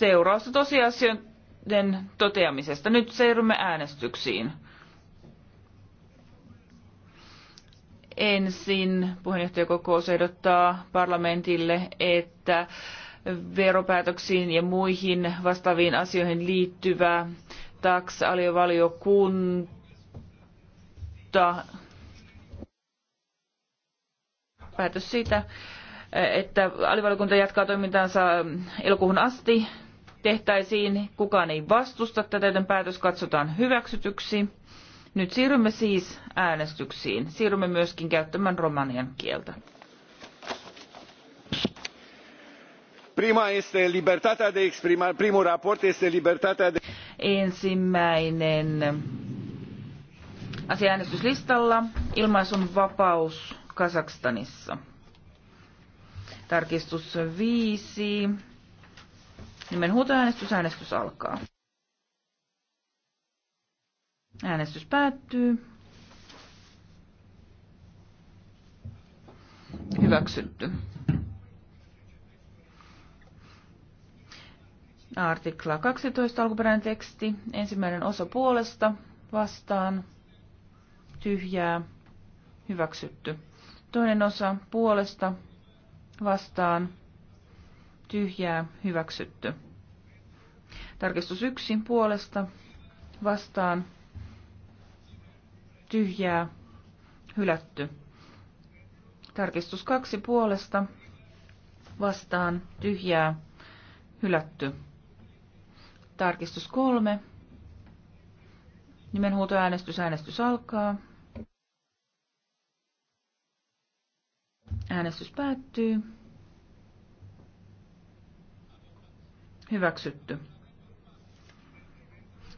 seurausta tosiasioiden toteamisesta. Nyt seurumme äänestyksiin. Ensin puheenjohtajakokous ehdottaa parlamentille, että veropäätöksiin ja muihin vastaaviin asioihin liittyvä tax-aliovaliokunta päätös siitä, että alivaliokunta jatkaa toimintaansa elokuuhun asti tehtäisiin. Kukaan ei vastusta tätä, joten päätös katsotaan hyväksytyksi. Nyt siirrymme siis äänestyksiin. Siirrymme myöskin käyttämään romanian kieltä. Prima este libertatea de exprimare. Primul raport este libertatea de... Ensimmäinen asia äänestyslistalla. Ilmaisun vapaus Kazakstanissa. Tarkistus viisi. Nimen huutoäänestys, äänestys alkaa. Äänestys päättyy. Hyväksytty. Artikla 12 alkuperäinen teksti. Ensimmäinen osa puolesta vastaan. Tyhjää. Hyväksytty. Toinen osa puolesta vastaan tyhjää hyväksytty. Tarkistus yksin puolesta vastaan tyhjää hylätty. Tarkistus kaksi puolesta vastaan tyhjää hylätty. Tarkistus 3 Nimenhuutoäänestys, äänestys alkaa. Äänestys päättyy. Hyväksytty.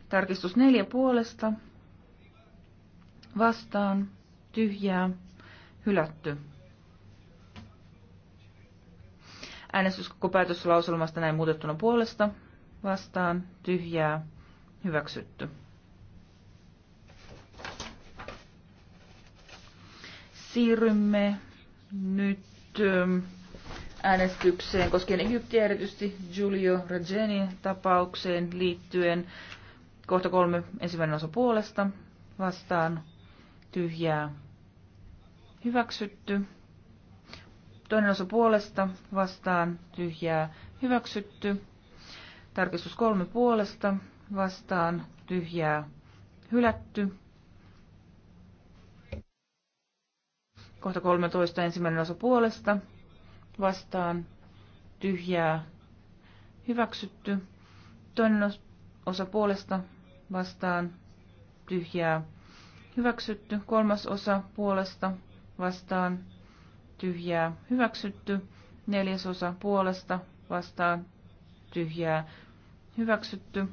Tarkistus neljä puolesta. Vastaan. Tyhjää. Hylätty. Äänestys koko päätöslauselmasta näin muutettuna puolesta. Vastaan. Tyhjää. Hyväksytty. Siirrymme nyt ähm, äänestykseen koskien Egyptiä erityisesti Giulio Regeni tapaukseen liittyen. Kohta kolme ensimmäinen osa puolesta vastaan tyhjää hyväksytty. Toinen osa puolesta vastaan tyhjää hyväksytty. Tarkistus kolme puolesta vastaan tyhjää hylätty. Kohta 13 ensimmäinen osa puolesta vastaan tyhjää hyväksytty. Toinen osa puolesta vastaan tyhjää hyväksytty. Kolmas osa puolesta vastaan tyhjää hyväksytty. Neljäs osa puolesta vastaan tyhjää hyväksytty.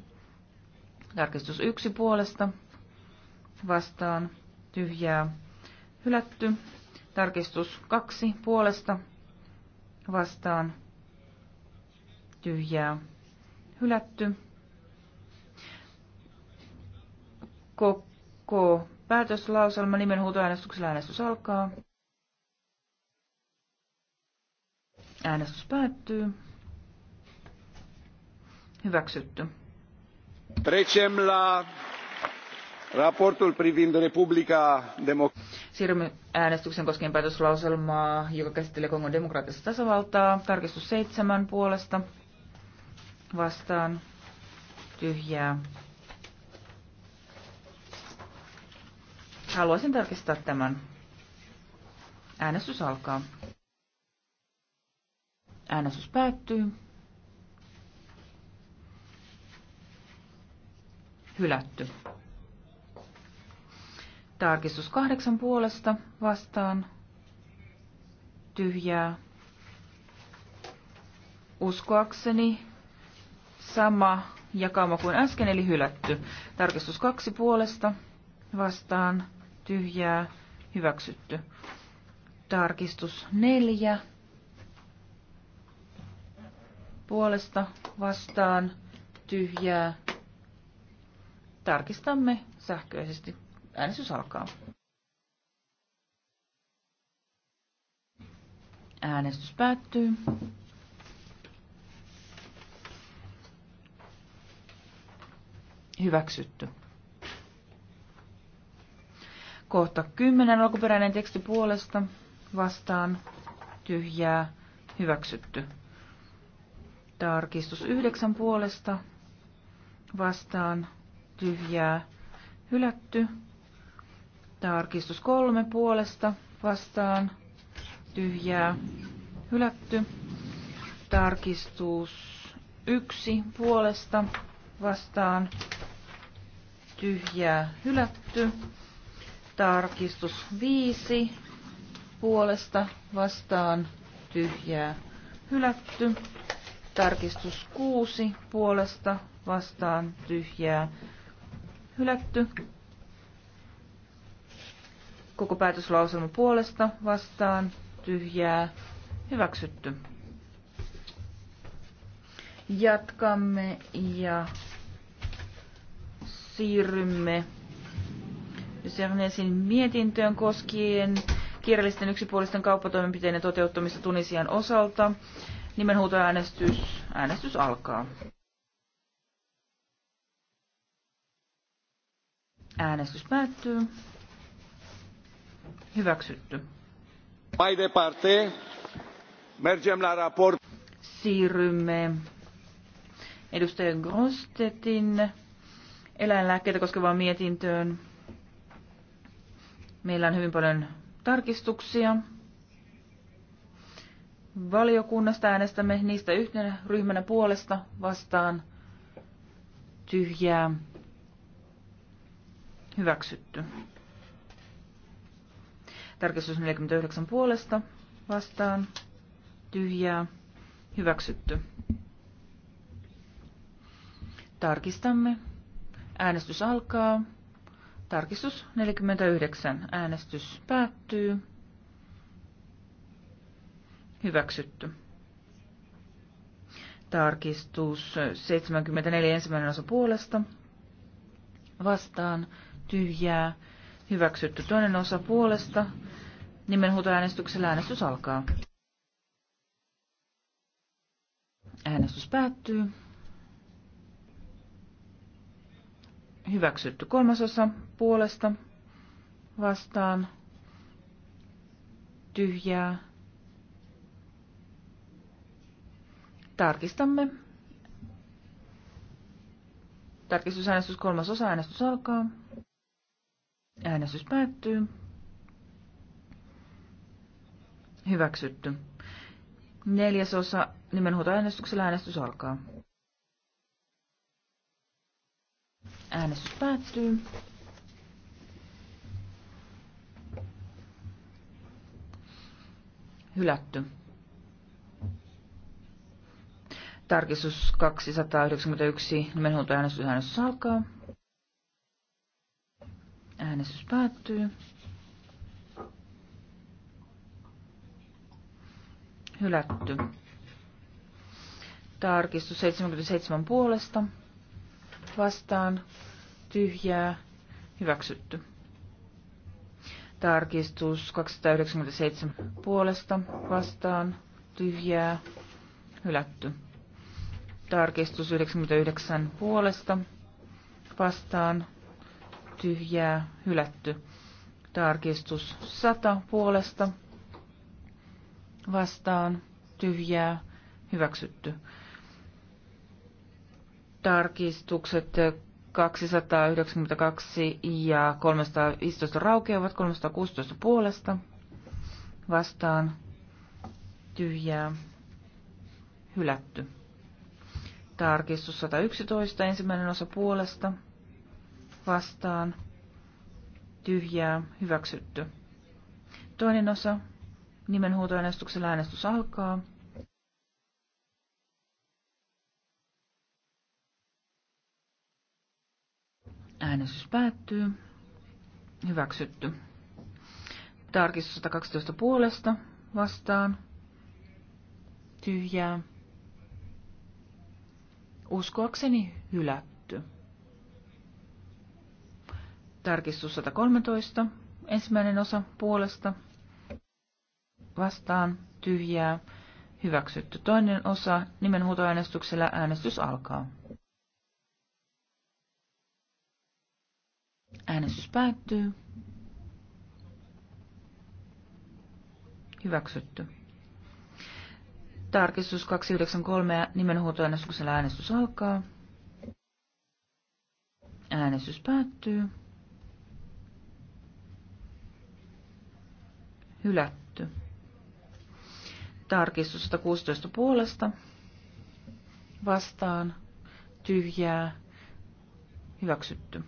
Tarkistus yksi puolesta vastaan tyhjää hylätty. Tarkistus kaksi puolesta vastaan tyhjää hylätty. Koko päätöslauselma nimenhuutoäänestyksellä äänestys alkaa. Äänestys päättyy. Hyväksytty. Trecem la Raportul privind Siirrymme äänestyksen koskien päätöslauselmaa, joka käsittelee Kongon demokraattista tasavaltaa. Tarkistus seitsemän puolesta vastaan tyhjää. Haluaisin tarkistaa tämän. Äänestys alkaa. Äänestys päättyy. Hylätty. Tarkistus kahdeksan puolesta vastaan tyhjää. Uskoakseni sama jakauma kuin äsken, eli hylätty. Tarkistus kaksi puolesta vastaan tyhjää hyväksytty. Tarkistus neljä puolesta vastaan tyhjää. Tarkistamme sähköisesti Äänestys alkaa. Äänestys päättyy. Hyväksytty. Kohta 10. Alkuperäinen teksti puolesta vastaan tyhjää hyväksytty. Tarkistus 9 puolesta vastaan tyhjää hylätty. Tarkistus kolme puolesta vastaan tyhjää hylätty. Tarkistus yksi puolesta vastaan tyhjää hylätty. Tarkistus viisi puolesta vastaan tyhjää hylätty. Tarkistus kuusi puolesta vastaan tyhjää hylätty. Koko päätöslauselma puolesta vastaan tyhjää hyväksytty. Jatkamme ja siirrymme Sernesin mietintöön koskien kirjallisten yksipuolisten kauppatoimenpiteiden toteuttamista Tunisian osalta. Nimenhuutoäänestys. Äänestys alkaa. Äänestys päättyy. Hyväksytty. Mai departe, mergem la raport. Siirrymme edustaja Grostetin eläinlääkkeitä koskevaan mietintöön. Meillä on hyvin paljon tarkistuksia. Valiokunnasta äänestämme niistä yhtenä ryhmänä puolesta vastaan tyhjää hyväksytty. Tarkistus 49 puolesta vastaan. Tyhjää. Hyväksytty. Tarkistamme. Äänestys alkaa. Tarkistus 49. Äänestys päättyy. Hyväksytty. Tarkistus 74 ensimmäinen osa puolesta. Vastaan tyhjää Hyväksytty toinen osa puolesta. Nimenhuutoäänestyksellä äänestys alkaa. Äänestys päättyy. Hyväksytty kolmasosa puolesta vastaan tyhjää. Tarkistamme. Tarkistusäänestys kolmasosa. Äänestys alkaa. Äänestys päättyy. Hyväksytty. Neljäsosa nimenhuutoäänestyksellä äänestys alkaa. Äänestys päättyy. Hylätty. Tarkistus 291 nimenhuutoäänestys äänestys alkaa. Äänestys päättyy. Hylätty. Tarkistus 77 puolesta. Vastaan. Tyhjää. Hyväksytty. Tarkistus 297 puolesta. Vastaan. Tyhjää. Hylätty. Tarkistus 99 puolesta. Vastaan tyhjää hylätty. Tarkistus 100 puolesta vastaan tyhjää hyväksytty. Tarkistukset 292 ja 315 raukeavat 316 puolesta vastaan tyhjää hylätty. Tarkistus 111 ensimmäinen osa puolesta vastaan tyhjää hyväksytty. Toinen osa nimenhuutoäänestyksellä äänestys alkaa. Äänestys päättyy. Hyväksytty. Tarkistus 112 puolesta vastaan. Tyhjää. Uskoakseni hylätty. Tarkistus 113. Ensimmäinen osa puolesta. Vastaan. Tyhjää. Hyväksytty. Toinen osa. Nimenhuutoäänestyksellä äänestys alkaa. Äänestys päättyy. Hyväksytty. Tarkistus 293 nimenhuutoäänestyksellä äänestys alkaa. Äänestys päättyy. hylätty. Tarkistus 116 puolesta vastaan tyhjää hyväksytty.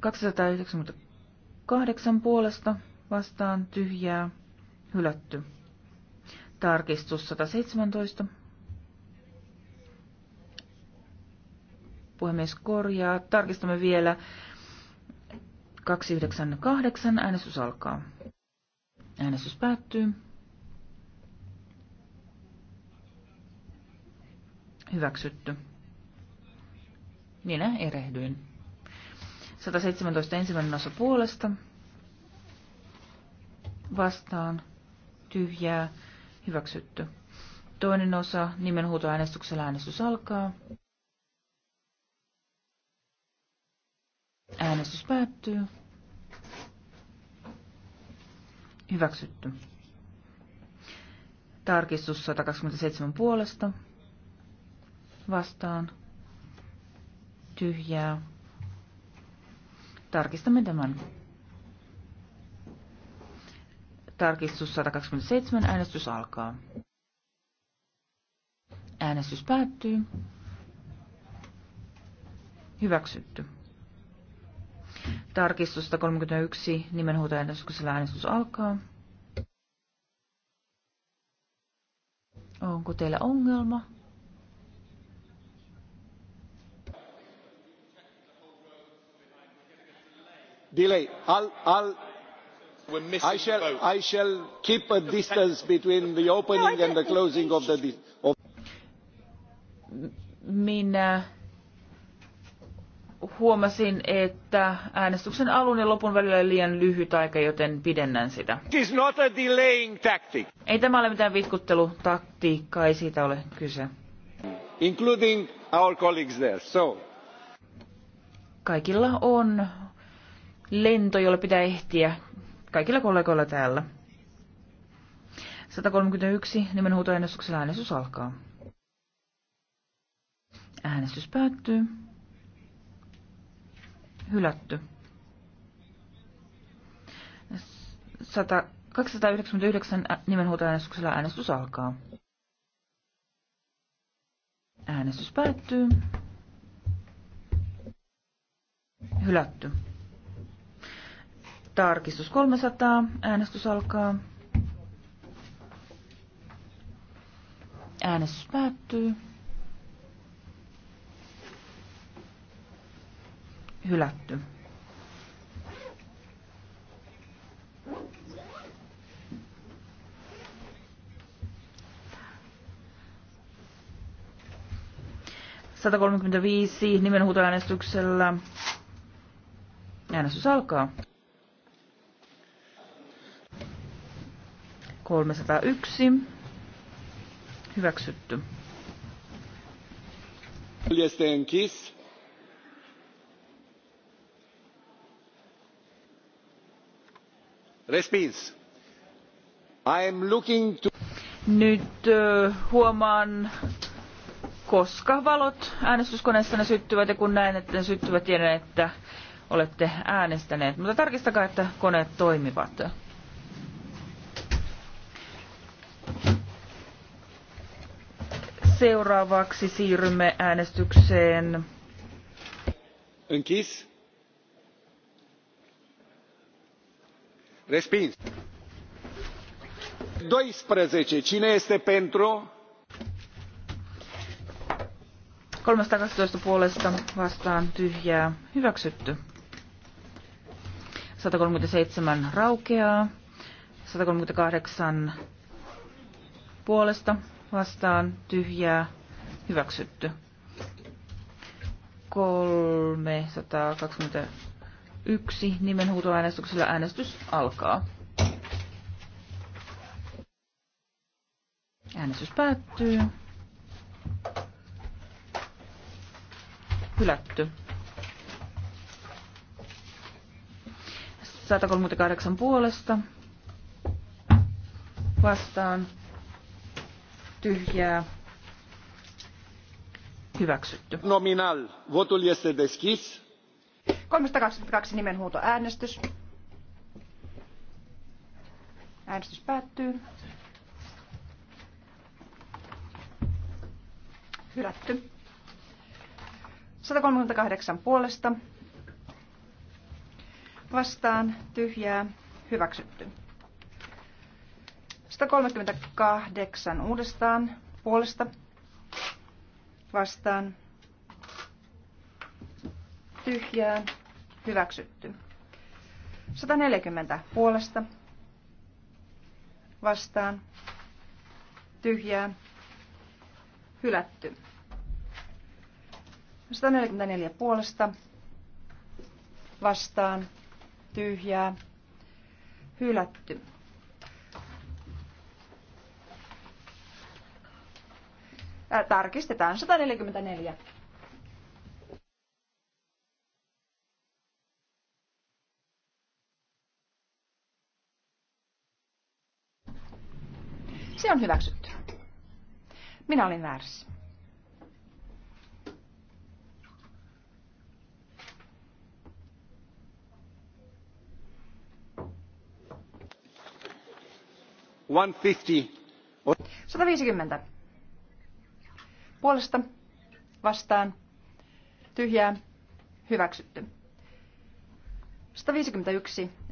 298 puolesta vastaan tyhjää hylätty. Tarkistus 117 puhemies korjaa. Tarkistamme vielä 298. Äänestys alkaa. Äänestys päättyy. Hyväksytty. Minä erehdyin. 117 ensimmäinen osa puolesta. Vastaan. Tyhjää. Hyväksytty. Toinen osa. Nimenhuutoäänestyksellä äänestys alkaa. Äänestys päättyy. Hyväksytty. Tarkistus 127 puolesta. Vastaan. Tyhjää. Tarkistamme tämän. Tarkistus 127. Äänestys alkaa. Äänestys päättyy. Hyväksytty. Tarkistus 131, nimenhuutoäänestyksellä äänestys alkaa. Onko teillä ongelma? Delay. I'll, I'll, I shall, I shall keep a distance between the opening and the closing of the... Of... Minä huomasin, että äänestyksen alun ja lopun välillä oli liian lyhyt aika, joten pidennän sitä. Ei tämä ole mitään vitkuttelutaktiikkaa, ei siitä ole kyse. Including our colleagues there. So. Kaikilla on lento, jolle pitää ehtiä. Kaikilla kollegoilla täällä. 131 nimenhuutoäänestyksellä äänestys alkaa. Äänestys päättyy hylätty. 100, 299 nimenhuutoäänestyksellä äänestys alkaa. Äänestys päättyy. Hylätty. Tarkistus 300. Äänestys alkaa. Äänestys päättyy. hylätty. Satakolmekymmentäviisi nimenhuutoäänestyksellä. Äänestys alkaa. 301. Hyväksytty. Este închis. Nyt huomaan, koska valot äänestyskoneessanne syttyvät ja kun näen, että ne syttyvät, tiedän, että olette äänestäneet. Mutta tarkistakaa, että koneet toimivat. Seuraavaksi siirrymme äänestykseen. Închis. respins doisprezece cine este pentru? kolmesataakaksitoista puolesta vastaan tyhjää hyväksytty. 137 raukeaa. 138 puolesta vastaan tyhjää hyväksytty. 320 yksi nimenhuutoäänestyksellä äänestys alkaa. Äänestys päättyy. Hylätty. 138 puolesta. Vastaan. Tyhjää. Hyväksytty. Nominal. Votul este deschis. 322 nimenhuuto äänestys. Äänestys päättyy. Hylätty. 138 puolesta. Vastaan tyhjää. Hyväksytty. 138 uudestaan puolesta. Vastaan tyhjää Hyväksytty. 140 puolesta. Vastaan. Tyhjää. Hylätty. 144 puolesta. Vastaan. Tyhjää. Hylätty. Tarkistetaan 144. on hyväksytty. Minä olin väärässä. viisikymmentä. puolesta vastaan tyhjää hyväksytty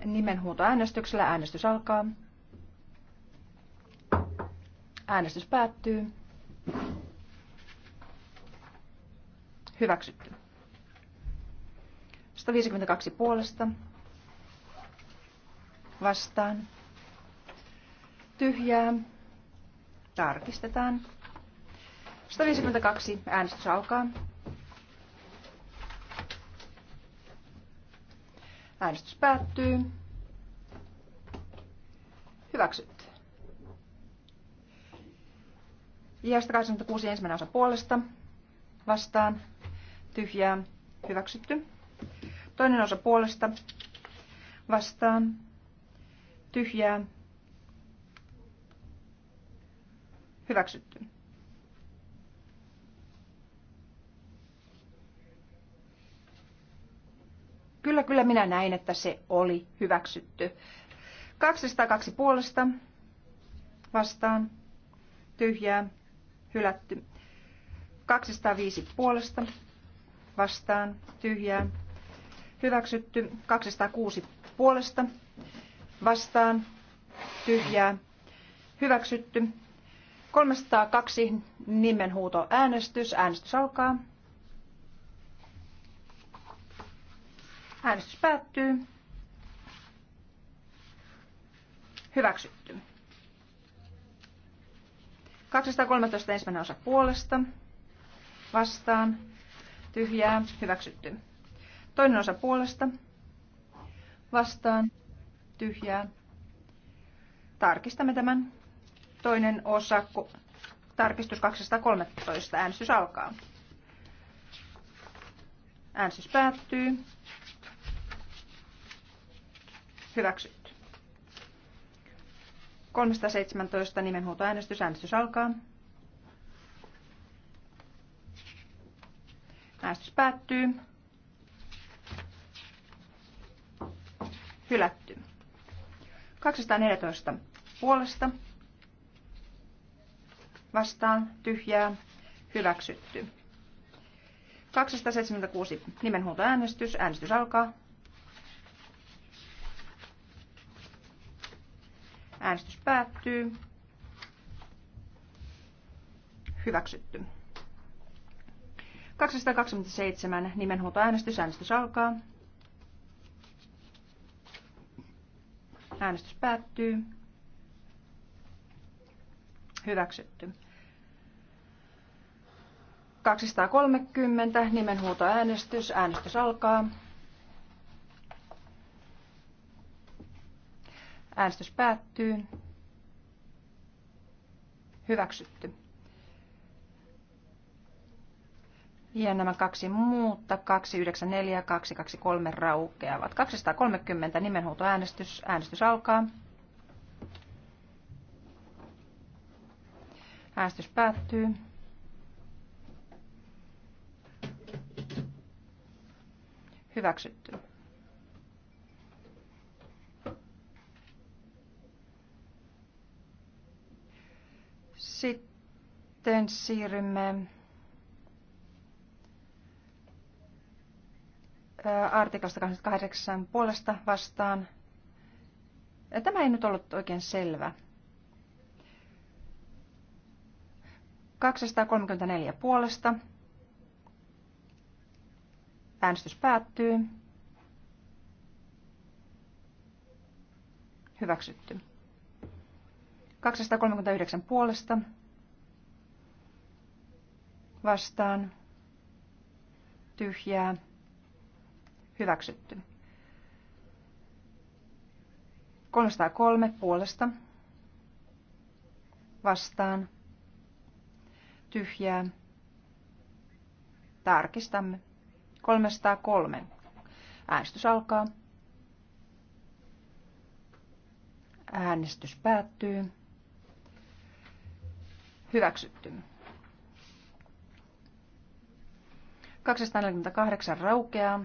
nimenhuuto äänestyksellä. äänestys alkaa Äänestys päättyy. Hyväksytty. 152 puolesta. Vastaan. Tyhjää. Tarkistetaan. 152. Äänestys alkaa. Äänestys päättyy. Hyväksytty. Ja 186 ensimmäinen osa puolesta vastaan tyhjää hyväksytty. Toinen osa puolesta vastaan tyhjää hyväksytty. Kyllä, kyllä minä näin, että se oli hyväksytty. 202 puolesta vastaan tyhjää hylätty. 205 puolesta vastaan tyhjää hyväksytty. 206 puolesta vastaan tyhjää hyväksytty. 302 nimenhuuto äänestys. Äänestys alkaa. Äänestys päättyy. Hyväksytty. 213 ensimmäinen osa puolesta. Vastaan. Tyhjää. Hyväksytty. Toinen osa puolesta. Vastaan. Tyhjää. Tarkistamme tämän. Toinen osa. Tarkistus 213. Äänestys alkaa. Äänestys päättyy. Hyväksytty. 317 nimenhuutoäänestys. Äänestys alkaa. Äänestys päättyy. Hylätty. 214 puolesta. Vastaan. Tyhjää. Hyväksytty. 276 nimenhuutoäänestys. Äänestys alkaa. Äänestys päättyy. Hyväksytty. 227 nimenhuutoäänestys. Äänestys alkaa. Äänestys päättyy. Hyväksytty. 230 nimenhuutoäänestys. Äänestys alkaa. Äänestys päättyy. Hyväksytty. Ja nämä kaksi muuta, 294 ja 223 raukeavat. 230 nimenhuutoäänestys. Äänestys alkaa. Äänestys päättyy. Hyväksytty. Sitten siirrymme artiklasta 28 puolesta vastaan. Tämä ei nyt ollut oikein selvä. 234 puolesta. Äänestys päättyy. Hyväksytty. 239 puolesta vastaan tyhjää hyväksytty. 303 puolesta vastaan tyhjää tarkistamme. 303 äänestys alkaa. Äänestys päättyy. Hyväksytty. 248 raukeaa.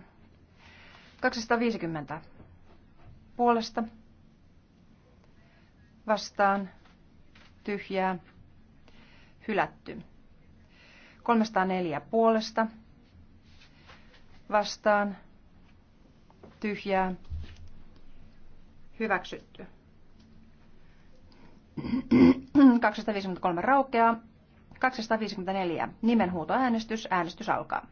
250 puolesta. Vastaan. Tyhjää. Hylätty. 304 puolesta. Vastaan. Tyhjää. Hyväksytty. 253 raukeaa. 254. Nimenhuutoäänestys. Äänestys alkaa.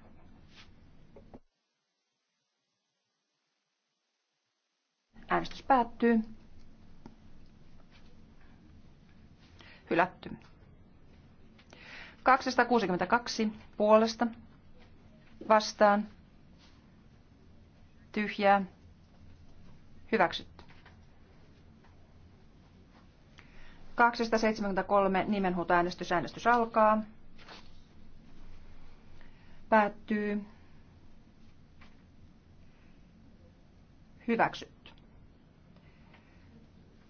Äänestys päättyy. Hylätty. 262 puolesta vastaan tyhjää hyväksytty. 273 nimenhuutoäänestys. Äänestys alkaa. Päättyy. Hyväksytty.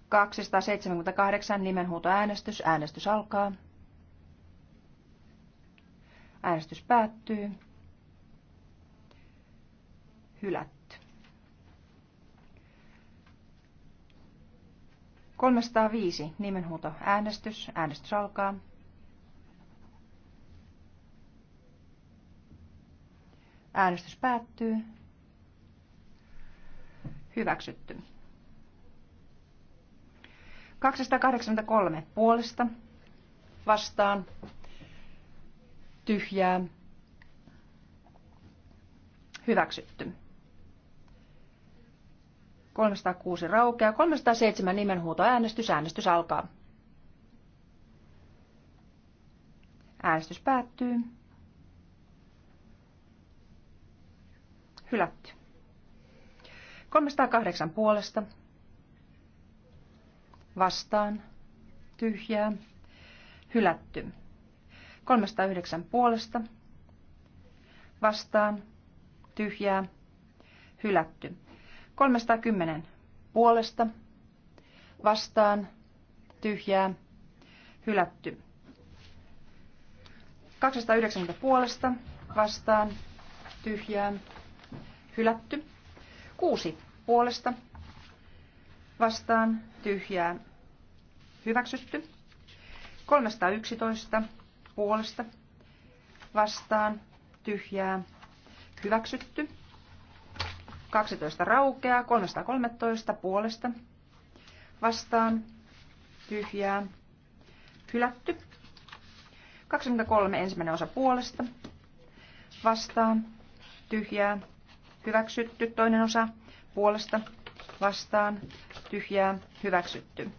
278 nimenhuutoäänestys. Äänestys alkaa. Äänestys päättyy. Hylätty. 305. Nimenhuuto. Äänestys. Äänestys alkaa. Äänestys päättyy. Hyväksytty. 283 puolesta vastaan tyhjää hyväksytty. 306 raukeaa. 307 nimenhuuto äänestys. Äänestys alkaa. Äänestys päättyy. Hylätty. 308 puolesta. Vastaan. Tyhjää. Hylätty. 309 puolesta. Vastaan. Tyhjää. Hylätty. 310 puolesta vastaan tyhjää hylätty. 290 puolesta vastaan tyhjää hylätty. 6 puolesta vastaan tyhjää hyväksytty. 311 puolesta vastaan tyhjää hyväksytty. 12 raukeaa, 313 puolesta vastaan, tyhjää, hylätty. 23 ensimmäinen osa puolesta vastaan, tyhjää, hyväksytty. Toinen osa puolesta vastaan, tyhjää, hyväksytty.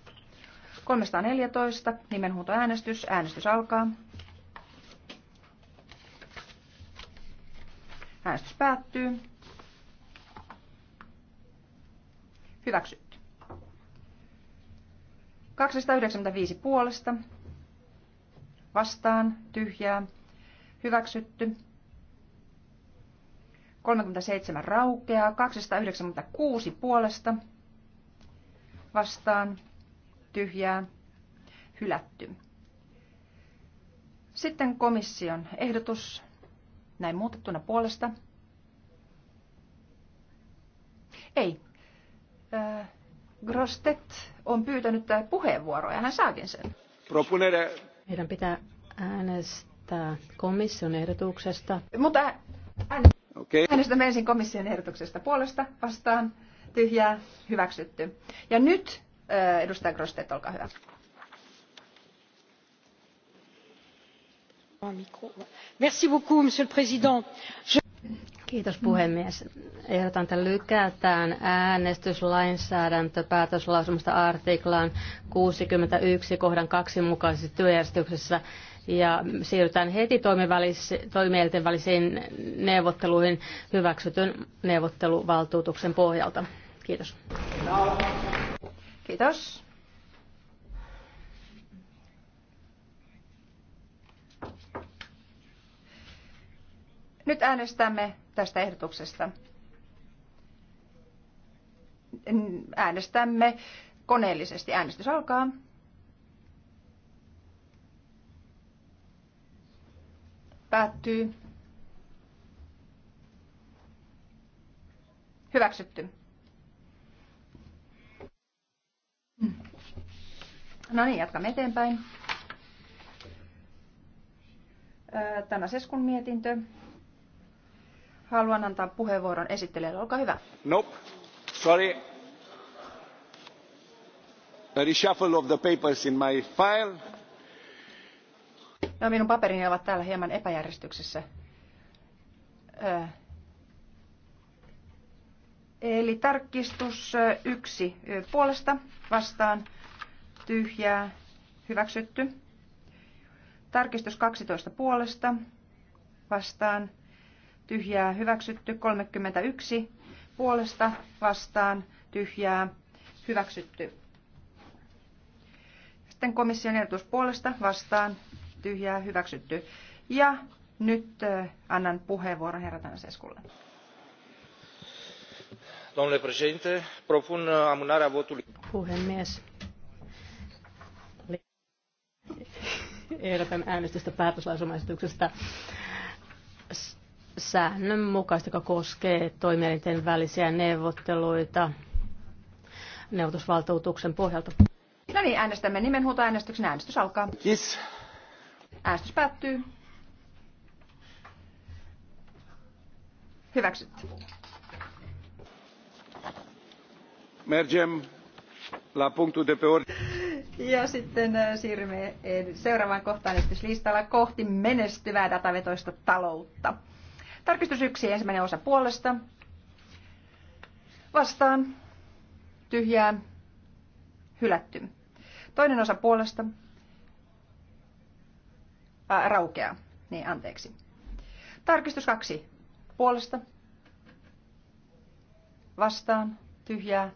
314, nimenhuutoäänestys, äänestys alkaa. Äänestys päättyy. Hyväksytty. 295 puolesta. Vastaan. Tyhjää. Hyväksytty. 37 raukeaa. 296 puolesta. Vastaan. Tyhjää. Hylätty. Sitten komission ehdotus näin muutettuna puolesta. Ei, Grostet on pyytänyt puheenvuoroa ja hän saakin sen. Propunere. Meidän pitää äänestää komission ehdotuksesta. Mutta ään... okay. äänestämme ensin komission ehdotuksesta puolesta vastaan tyhjää hyväksytty. Ja nyt edustaja Grostet, olkaa hyvä. Merci beaucoup, monsieur le président. Je Kiitos puhemies. Ehdotan, että lykätään äänestyslainsäädäntöpäätöslausumasta artiklaan 61 kohdan 2 mukaisessa työjärjestyksessä ja siirrytään heti toimielten välisiin neuvotteluihin hyväksytyn neuvotteluvaltuutuksen pohjalta. Kiitos. Kiitos. Nyt äänestämme tästä ehdotuksesta. Äänestämme koneellisesti. Äänestys alkaa. Päättyy. Hyväksytty. No niin, jatkamme eteenpäin. Tämä Seskun mietintö. Haluan antaa puheenvuoron esittelijälle. Olkaa hyvä. Nope. Sorry. A reshuffle of the papers in my file. No, minun paperini ovat täällä hieman epäjärjestyksessä. Öö. Eli tarkistus yksi puolesta vastaan tyhjää hyväksytty. Tarkistus 12 puolesta vastaan tyhjää hyväksytty. 31 puolesta vastaan tyhjää hyväksytty. Sitten komission ehdotus puolesta vastaan tyhjää hyväksytty. Ja nyt annan puheenvuoron herra Tanseskulle. Domnule președinte, propun amânarea votului. Puhemies. Ehdotan äänestystä päätöslausumaisetuksesta säännönmukaista, joka koskee toimielinten välisiä neuvotteluita neuvotusvaltuutuksen pohjalta. No niin, äänestämme nimenhuutoäänestyksen. Äänestys alkaa. Kiss. Äänestys päättyy. Hyväksytty. Mergem la punctu de Peor. ja sitten äh, siirrymme seuraavaan kohtaan esityslistalla kohti menestyvää datavetoista taloutta. Tarkistus yksi ensimmäinen osa puolesta. Vastaan. Tyhjää. Hylätty. Toinen osa puolesta. Ää, raukeaa. Niin, anteeksi. Tarkistus kaksi. Puolesta. Vastaan. Tyhjää.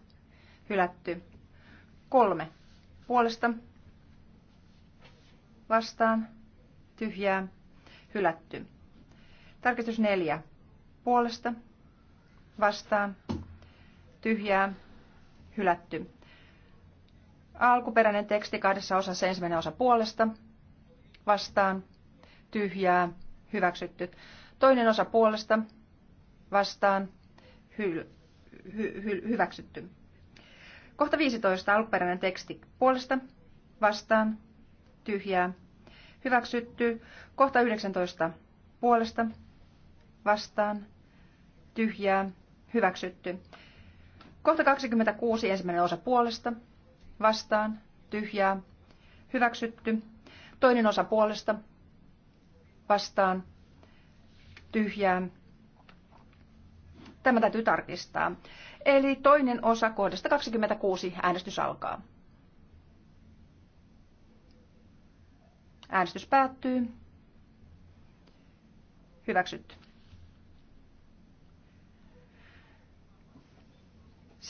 Hylätty. Kolme. Puolesta. Vastaan. Tyhjää. Hylätty. Tarkistus neljä. Puolesta, vastaan, tyhjää, hylätty. Alkuperäinen teksti kahdessa osassa ensimmäinen osa puolesta, vastaan, tyhjää, hyväksytty. Toinen osa puolesta, vastaan, hy, hy, hy, hyväksytty. Kohta 15 alkuperäinen teksti puolesta, vastaan, tyhjää, hyväksytty. Kohta 19 puolesta, vastaan, tyhjää, hyväksytty. Kohta 26, ensimmäinen osa puolesta, vastaan, tyhjää, hyväksytty. Toinen osa puolesta, vastaan, tyhjää. Tämä täytyy tarkistaa. Eli toinen osa kohdasta 26 äänestys alkaa. Äänestys päättyy. Hyväksytty.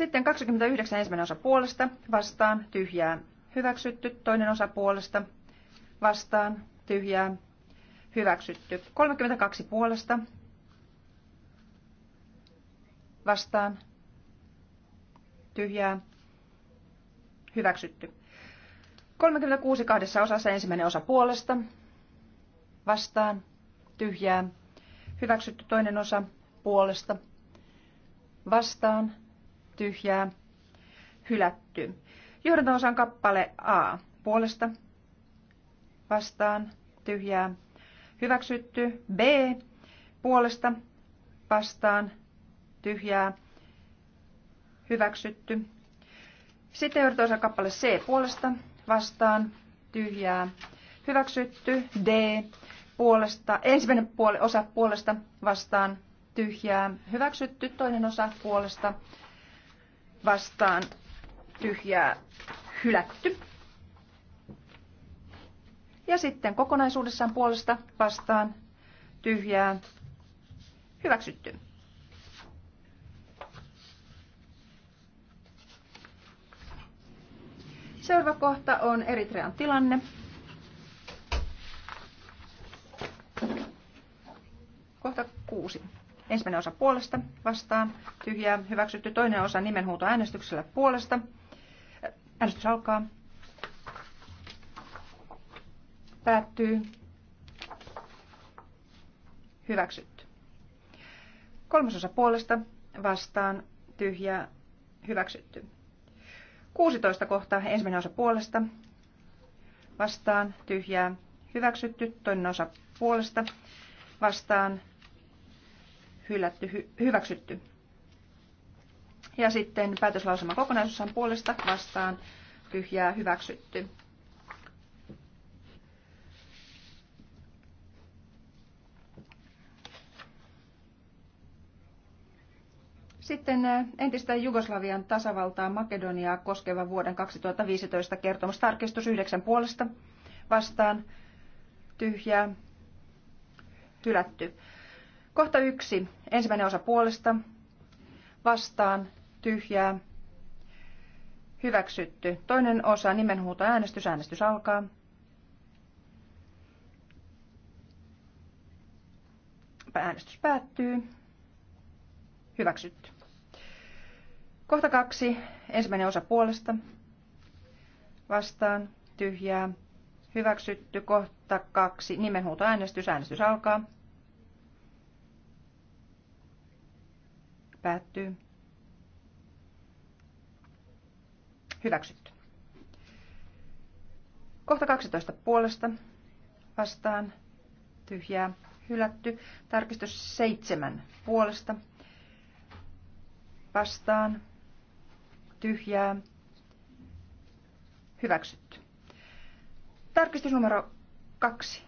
Sitten 29 ensimmäinen osa puolesta, vastaan, tyhjää, hyväksytty. Toinen osa puolesta, vastaan, tyhjää, hyväksytty. 32 puolesta, vastaan, tyhjää, hyväksytty. 36 kahdessa osassa ensimmäinen osa puolesta, vastaan, tyhjää, hyväksytty toinen osa puolesta, vastaan, tyhjää, hylätty. osan kappale A puolesta, vastaan, tyhjää, hyväksytty. B puolesta, vastaan, tyhjää, hyväksytty. Sitten osan kappale C puolesta, vastaan, tyhjää, hyväksytty. D puolesta, ensimmäinen puoli, osa puolesta vastaan tyhjää, hyväksytty toinen osa puolesta vastaan tyhjää hylätty. Ja sitten kokonaisuudessaan puolesta vastaan tyhjää hyväksytty. Seuraava kohta on Eritrean tilanne. Kohta kuusi. Ensimmäinen osa puolesta vastaan. Tyhjää hyväksytty. Toinen osa nimenhuuto äänestyksellä puolesta. Äänestys alkaa. Päättyy. Hyväksytty. kolmas osa puolesta vastaan. Tyhjää hyväksytty. 16 kohta ensimmäinen osa puolesta vastaan tyhjää hyväksytty, toinen osa puolesta vastaan hylätty, hy, hyväksytty. Ja sitten päätöslausuma kokonaisuussaan puolesta vastaan tyhjää hyväksytty. Sitten äh, entistä Jugoslavian tasavaltaa Makedoniaa koskeva vuoden 2015 kertomus tarkistus yhdeksän puolesta vastaan tyhjää hylätty. Kohta yksi. Ensimmäinen osa puolesta. Vastaan. Tyhjää. Hyväksytty. Toinen osa nimenhuuto äänestys. Äänestys alkaa. Äänestys päättyy. Hyväksytty. Kohta kaksi. Ensimmäinen osa puolesta. Vastaan. Tyhjää. Hyväksytty. Kohta kaksi. Nimenhuuto äänestys. Äänestys alkaa. Päättyy. Hyväksytty. Kohta 12 puolesta vastaan tyhjää hylätty. Tarkistus 7 puolesta vastaan tyhjää hyväksytty. Tarkistus numero 2.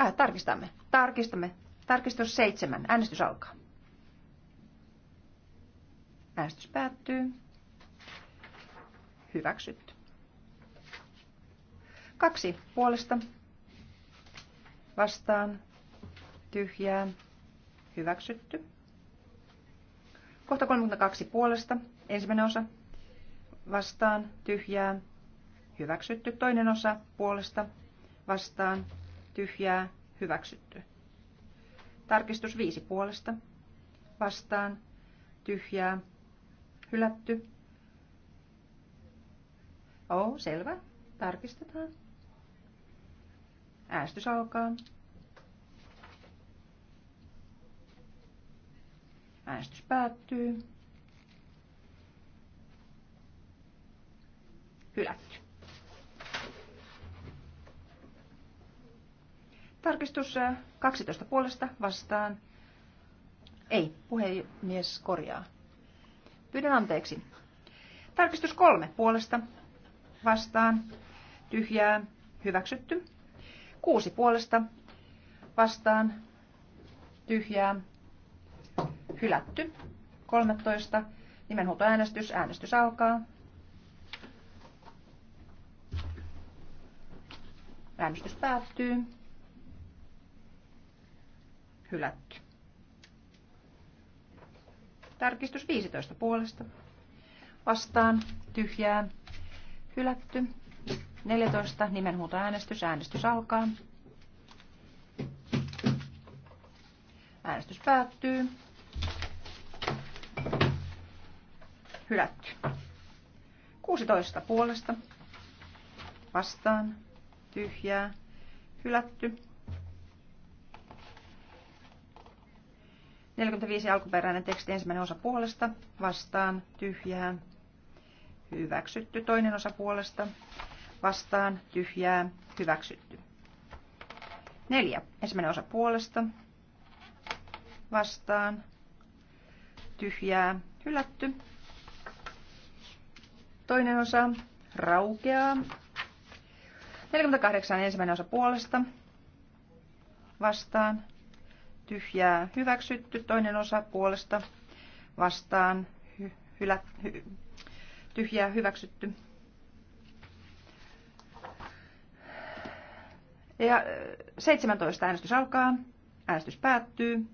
Äh, tarkistamme. Tarkistamme. Tarkistus 7. Äänestys alkaa. Äänestys päättyy. Hyväksytty. Kaksi puolesta. Vastaan. Tyhjää. Hyväksytty. Kohta 32 puolesta. Ensimmäinen osa. Vastaan. Tyhjää. Hyväksytty. Toinen osa. Puolesta. Vastaan. Tyhjää. Hyväksytty. Tarkistus 5 puolesta. Vastaan. Tyhjää Hylätty. Oo, selvä. Tarkistetaan. Äästys alkaa. Äänestys päättyy. Hylätty. Tarkistus 12 äh, puolesta vastaan. Ei, puhemies korjaa. Pyydän anteeksi. Tarkistus kolme puolesta. Vastaan. Tyhjää. Hyväksytty. Kuusi puolesta. Vastaan. Tyhjää. Hylätty. 13. Nimenhuutoäänestys. Äänestys alkaa. Äänestys päättyy. Hylätty. Tarkistus 15 puolesta. Vastaan. Tyhjää. Hylätty. 14. äänestys. Äänestys alkaa. Äänestys päättyy. Hylätty. 16 puolesta. Vastaan. Tyhjää. Hylätty. 45 alkuperäinen teksti ensimmäinen osa puolesta, vastaan, tyhjää, hyväksytty. Toinen osa puolesta, vastaan, tyhjää, hyväksytty. Neljä. Ensimmäinen osa puolesta, vastaan, tyhjää, hylätty. Toinen osa raukeaa. 48 ensimmäinen osa puolesta, vastaan, tyhjää hyväksytty, toinen osa puolesta vastaan hy, hylä, hy, tyhjää hyväksytty. Ja 17 äänestys alkaa, äänestys päättyy.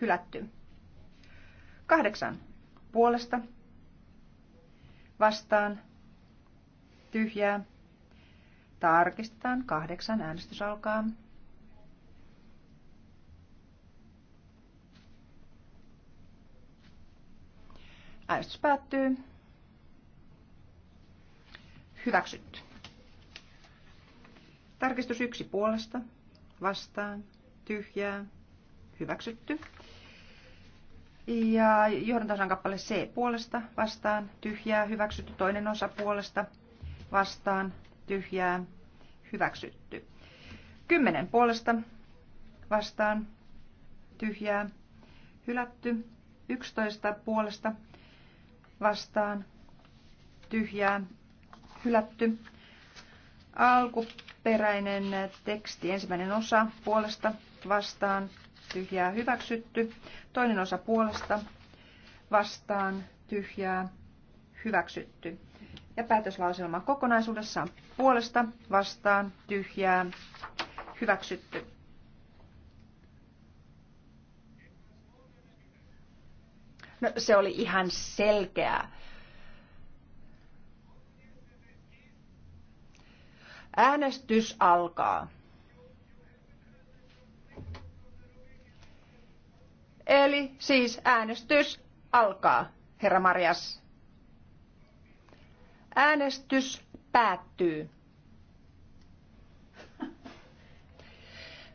Hylätty. Kahdeksan puolesta vastaan tyhjää Tarkistetaan. Kahdeksan. Äänestys alkaa. Äänestys päättyy. Hyväksytty. Tarkistus yksi puolesta. Vastaan. Tyhjää. Hyväksytty. Ja johdantosan kappale C puolesta. Vastaan. Tyhjää. Hyväksytty. Toinen osa puolesta. Vastaan. Tyhjää hyväksytty. Kymmenen puolesta vastaan tyhjää hylätty. 11 puolesta vastaan tyhjää hylätty. Alkuperäinen teksti, ensimmäinen osa puolesta vastaan tyhjää hyväksytty. Toinen osa puolesta vastaan tyhjää hyväksytty. Ja päätöslauselma kokonaisuudessaan puolesta vastaan tyhjää hyväksytty. No, se oli ihan selkeää. Äänestys alkaa. Eli siis äänestys alkaa, herra Marjas. Äänestys päättyy.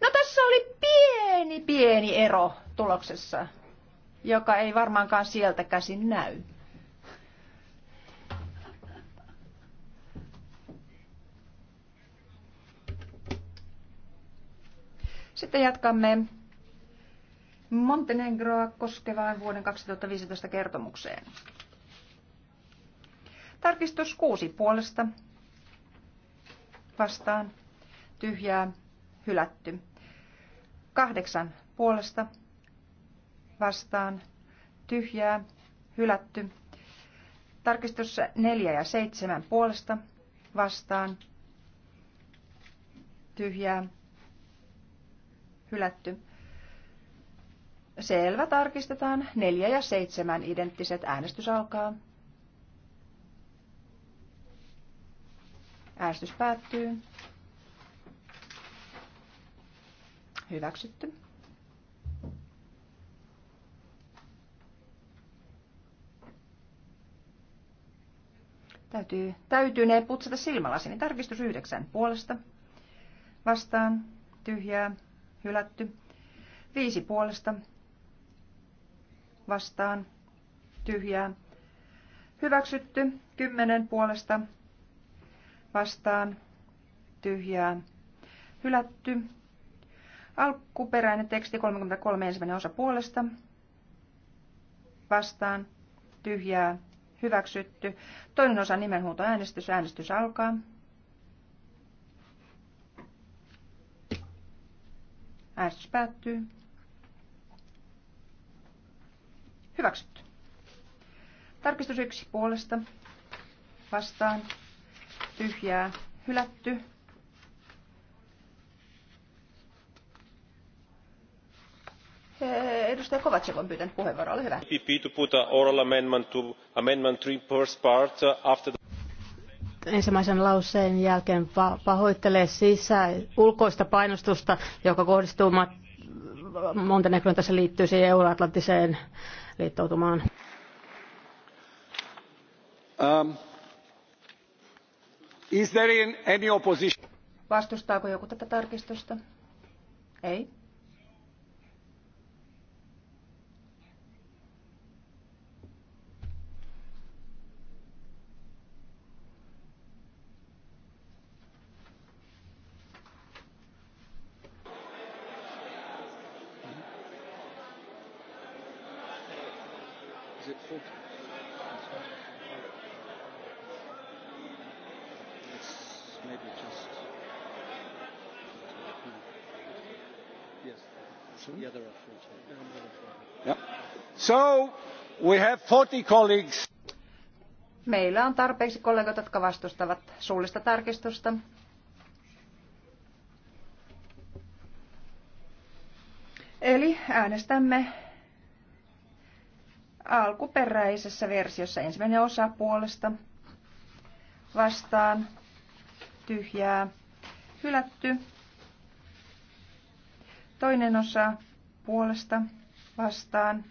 No tässä oli pieni, pieni ero tuloksessa, joka ei varmaankaan sieltä käsin näy. Sitten jatkamme Montenegroa koskevaan vuoden 2015 kertomukseen. Tarkistus 6 puolesta vastaan, tyhjää, hylätty. Kahdeksan puolesta vastaan, tyhjää, hylätty. Tarkistus neljä ja seitsemän puolesta vastaan, tyhjää, hylätty. Selvä, tarkistetaan. neljä ja seitsemän identtiset äänestys alkaa. Äänestys päättyy. Hyväksytty. Täytyy, täytyy ne putsata silmälasini. Niin tarkistus yhdeksän puolesta. Vastaan. Tyhjää. Hylätty. Viisi puolesta. Vastaan. Tyhjää. Hyväksytty. Kymmenen puolesta vastaan tyhjää hylätty. Alkuperäinen teksti 33 ensimmäinen osa puolesta vastaan tyhjää hyväksytty. Toinen osa äänestys, Äänestys alkaa. Äänestys päättyy. Hyväksytty. Tarkistus yksi puolesta. Vastaan tyhjää hylätty. Edustaja Kovacev on pyytänyt puheenvuoroa, ole hyvä. to amendment three first part uh, after ensimmäisen lauseen jälkeen pahoittelee sisä, ulkoista painostusta, joka kohdistuu Montenegroon, tässä liittyy siihen euroatlanttiseen liittoutumaan. Um. Vastustaako joku tätä tarkistusta? Ei. option. So we have 40 colleagues. Meillä on tarpeeksi kollegoita, jotka vastustavat suullista tarkistusta. Eli äänestämme alkuperäisessä versiossa ensimmäinen osa puolesta vastaan tyhjää hylätty Toinen osa puolesta vastaan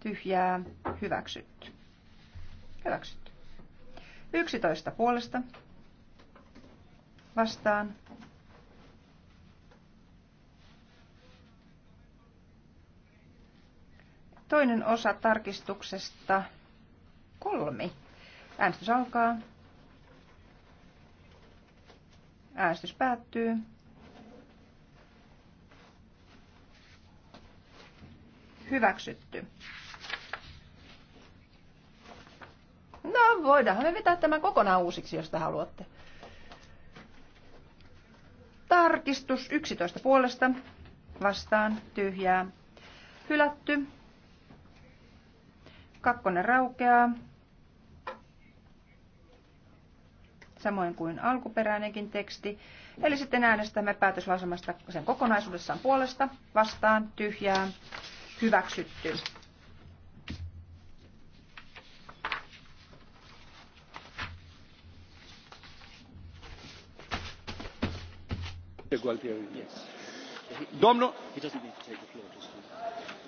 tyhjää hyväksytty. Hyväksytty. 11 puolesta vastaan toinen osa tarkistuksesta kolmi. Äänestys alkaa. Äänestys päättyy. Hyväksytty. No, voidaanhan me vetää tämä kokonaan uusiksi, jos te haluatte. Tarkistus 11 puolesta. Vastaan. Tyhjää. Hylätty. Kakkonen raukeaa. Samoin kuin alkuperäinenkin teksti. Eli sitten äänestämme päätöslausemasta sen kokonaisuudessaan puolesta. Vastaan. Tyhjää hyväksytty. Domnul,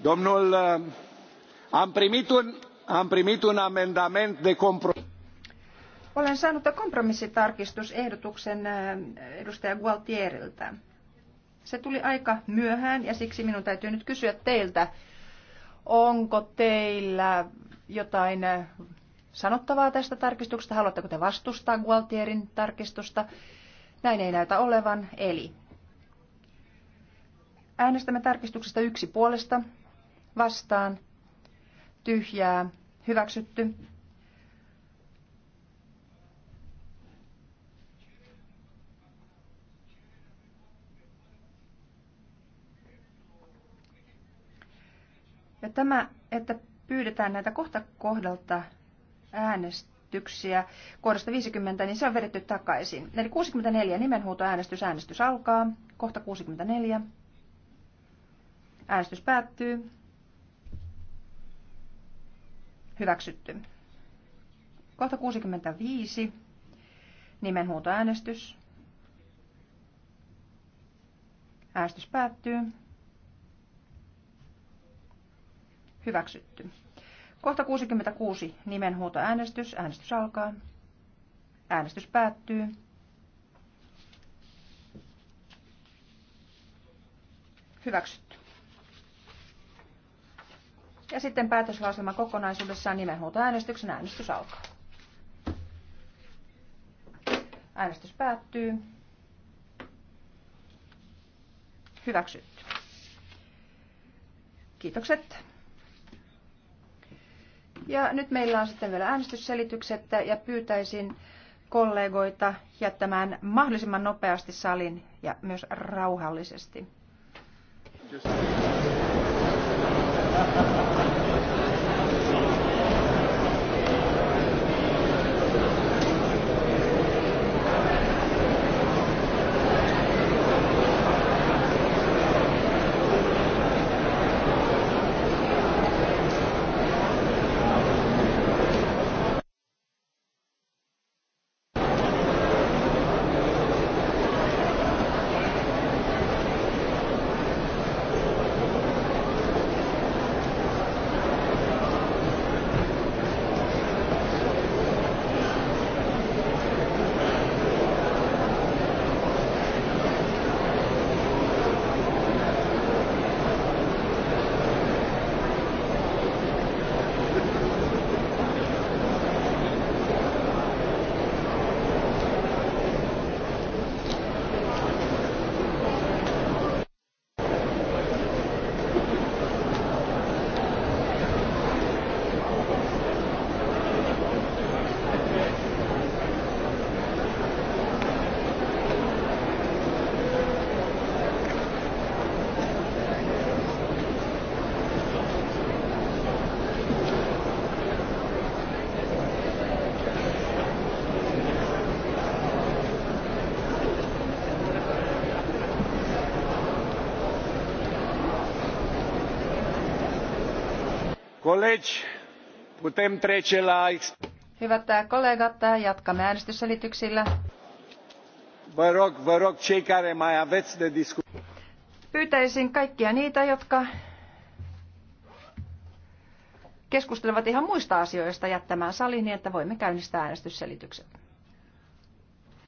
domnul uh, am primit un, am primit un amendament de compromis. Olen saanut kompromissitarkistusehdotuksen uh, edustaja Gualtieriltä. Se tuli aika myöhään ja siksi minun täytyy nyt kysyä teiltä, onko teillä jotain äh, sanottavaa tästä tarkistuksesta? Haluatteko te vastustaa Gualtierin tarkistusta? Näin ei näytä olevan, eli äänestämme tarkistuksesta yksi puolesta, vastaan, tyhjää, hyväksytty, Ja tämä, että pyydetään näitä kohta kohdalta äänestyksiä kohdasta 50, niin se on vedetty takaisin. Eli 64 nimenhuutoäänestys, äänestys alkaa, kohta 64. Äänestys päättyy. Hyväksytty. Kohta 65. Nimenhuutoäänestys. Äänestys päättyy. Hyväksytty. Kohta 66. Nimenhuutoäänestys. Äänestys alkaa. Äänestys päättyy. Hyväksytty. Ja sitten päätöslauselma kokonaisuudessaan nimenhuutoäänestyksen äänestys alkaa. Äänestys päättyy. Hyväksytty. Kiitokset. Ja nyt meillä on sitten vielä äänestysselitykset ja pyytäisin kollegoita jättämään mahdollisimman nopeasti salin ja myös rauhallisesti. Just. Hyvät äh, kollegat, äh, jatkamme äänestysselityksillä. Vă rog, vă rog, cei care mai aveți de Pyytäisin kaikkia niitä, jotka keskustelevat ihan muista asioista jättämään saliin, niin että voimme käynnistää äänestysselitykset.